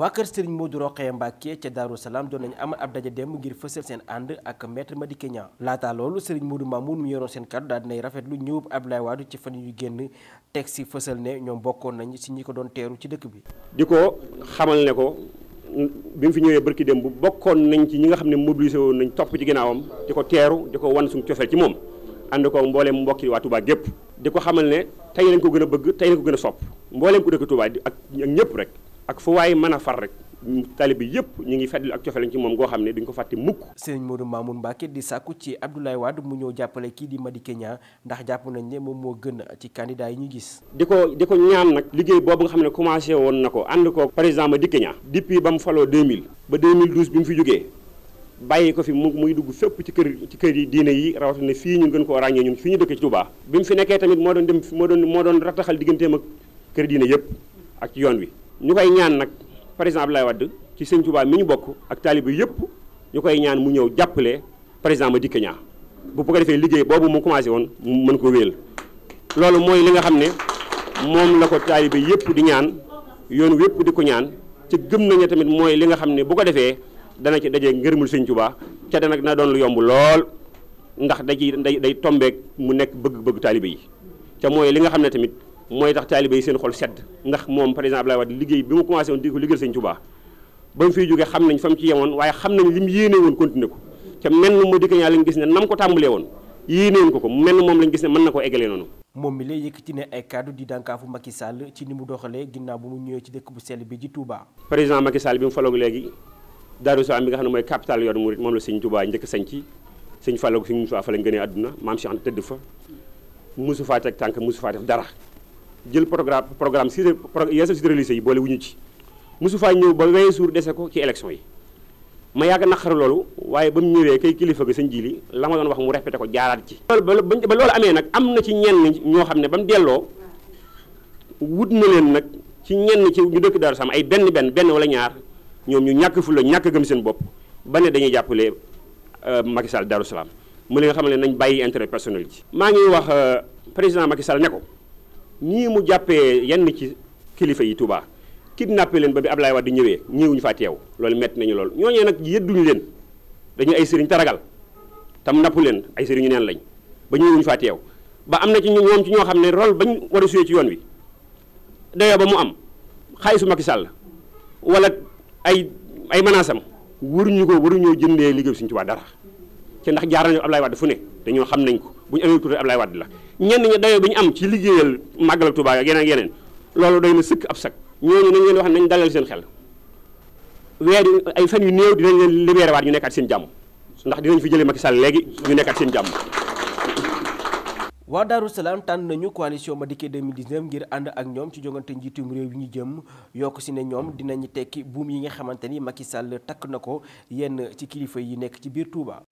waa kër Serigne Modou Rokhaya Mbacké ca Darou Salaam doon nañu amal ab daje dem ngir fësal seen ànd ak maître Madické Niang laataa loolu Serigne Modou Mamoun mu yoroon seen kàddu daal dinay rafetlu ñëwub Abdoulaye Wade ci fan yu génn teg si fësal ne ñoom bokkoon nañu si ñi ko doon teeru ci dëkk bi. di ko xamal ne ko bi mu fi ñëwee barki dem bu bokkoon nañ ci ñi nga xam ne mobilisé woon nañ topp ci ginnaawam di ko teeru di ko wan suñu cofeel ci moom ànd ko mbooleem mbokki waa Touba gépp di ko xamal ne tey lañ ko gën a bëgg tey lañ ko gën a sopp mbooleem ku dëkk Touba ak ñëpp rek ak fu waaye mën a far rek taalibe bi ñu ngi fàttali ak cofeel ci moom goo xam ne duñ ko fàtte mukk Serigne Modou Mamoun Mbacké di sàkku ci Abdoulaye Wade mu ñëw jàppale kii di Madické Niang ndax jàpp nañ ne moom moo gën ci candidat yi ñu gis di ko di ko ñaan nag liggéey boobu nga xam ne commencé woon na ko ànd ko président Madické Niang depuis ba mu faloo 2000 ba 2012 bi mu fi jógee bàyyi ko fi mu muy dugg fépp ci kër ci kër yi diine yi rawatina fii ñu gën ko ràññee ñun fii ñu dëkk ci Touba bi mu fi nekkee tamit moo doon dem moo moo doon rattaxal digganteem ak kër diine yoon wi ñu koy ñaan nag président lay Wade ci sëñ Touba mi ñu bokk ak taalibe yëpp ñu koy ñaan mu ñëw jàppale président Madické Niang bu ko defee liggéey boobu mu commencé woon mu mën ko wéel loolu mooy li nga xam ne moom la ko taalibe yëpp di ñaan yoon yëpp di ko ñaan ci gëm nañ tamit mooy li nga xam ne bu ko defee dana ci dajee ngërëmul sëñ Touba ca dana na doon lu yomb lool ndax da ciy day day tombeek mu nekk bëgg-bëgg taalibe yi ca mooy li nga xam ne tamit mooy tax taalibe seen xol sedd ndax moom par exemple lay wax liggéey bi mu commencé woon di ko liggéey sëñ Tuubaa ba mu fiy jógee xam nañ fa mu ci yemoon waaye xam nañ li mu yéene woon ko ca mel na moo dikka lañ gis ne nam ko tàmbalee woon yéene woon ko ko mel moom lañ gis ne mën na ko eggalee noonu moom mi lay yëkkati ne ay di dànkaafu Macky Sall ci ni mu doxalee ginnaaw ñëwee ci dëkk bu sell bi ci Touba. président Macky Sall bi mu faloog léegi Daaru Salaam xam ne mooy capital yoonu murit moom la sëñ Touba njëkk sañci sëñ faloog sëñ Moussa fa lañ gënee àdduna maam Cheikh Anta tëdd fa mosu faa teg tànk mosu faa def dara jël programme programme cité yeesal cité religieuses yi boole wuñu ci mosu faa ñëw ba weye suur dese ko ci élection yi ma yàgg naqar loolu waaye ba mu ñëwee kay kilifa gi sëñ jili la ma doon wax mu répété ko jaaraat ci loolu ba loolu amee nag am na ci ñenn ñoo xam ne ba mu delloo wut na leen nag ci ñenn ci ñu dëkk Daaru Salaam ay benn benn benn wala ñaar ñoom ñu ñàkk fu la ñàkk gëm seen bopp ba ne dañuy jàppale euh, Macky Sall Daaru Salaam mu li nga xam ne nañ bàyyi intérêt personnel ji maa ngi wax euh, président Macky Sall ne ko nii mu jàppee yenn ci kilifa yi Touba kidnappé leen ba bi Ablaye Wade di ñëwee ñëwuñu faa teew loolu metti nañu loolu ñoo ñooñee nag yëdduñu leen dañu ay sëriñ taragal tam nappu leen ay sëriñu neen lañ ba ñëwuñu faa teew ba am na ci ñu ñoom ci ñoo xam ne rol bañ war a ci yoon wi dayoo ba mu am xaalisu Macky sàll wala ay ay menaces am waruñu ko waruñoo jëndee liggéey Sëriñ Tuubaa dara ci ndax jaar nañu Ablaye Wade fu ne dañoo xam nañ ko bu ñu amee tuuti Ablaye Wade la ñenn ñi dayoo bi ñu am ci liggéeyal màggal ak yeneen yeneen loolu day na sëkk ab sag ñooñu nañ leen wax nañ dalal seen xel weer ay fan yu néew dinañ leen libéré waat ñu nekkaat seen jàmm ndax dinañ fi jëlee Macky Sall léegi ñu nekkaat seen jàmm. waa Daaru Salaam tànn nañu coalition Madické 2019 ngir ànd ak ñoom ci jongante njiitum réew yi ñu jëm yokk si ne ñoom dinañ tekki buum yi nga xamante ni Macky Sall takk na ko yenn ci kilifa yi nekk ci biir Touba.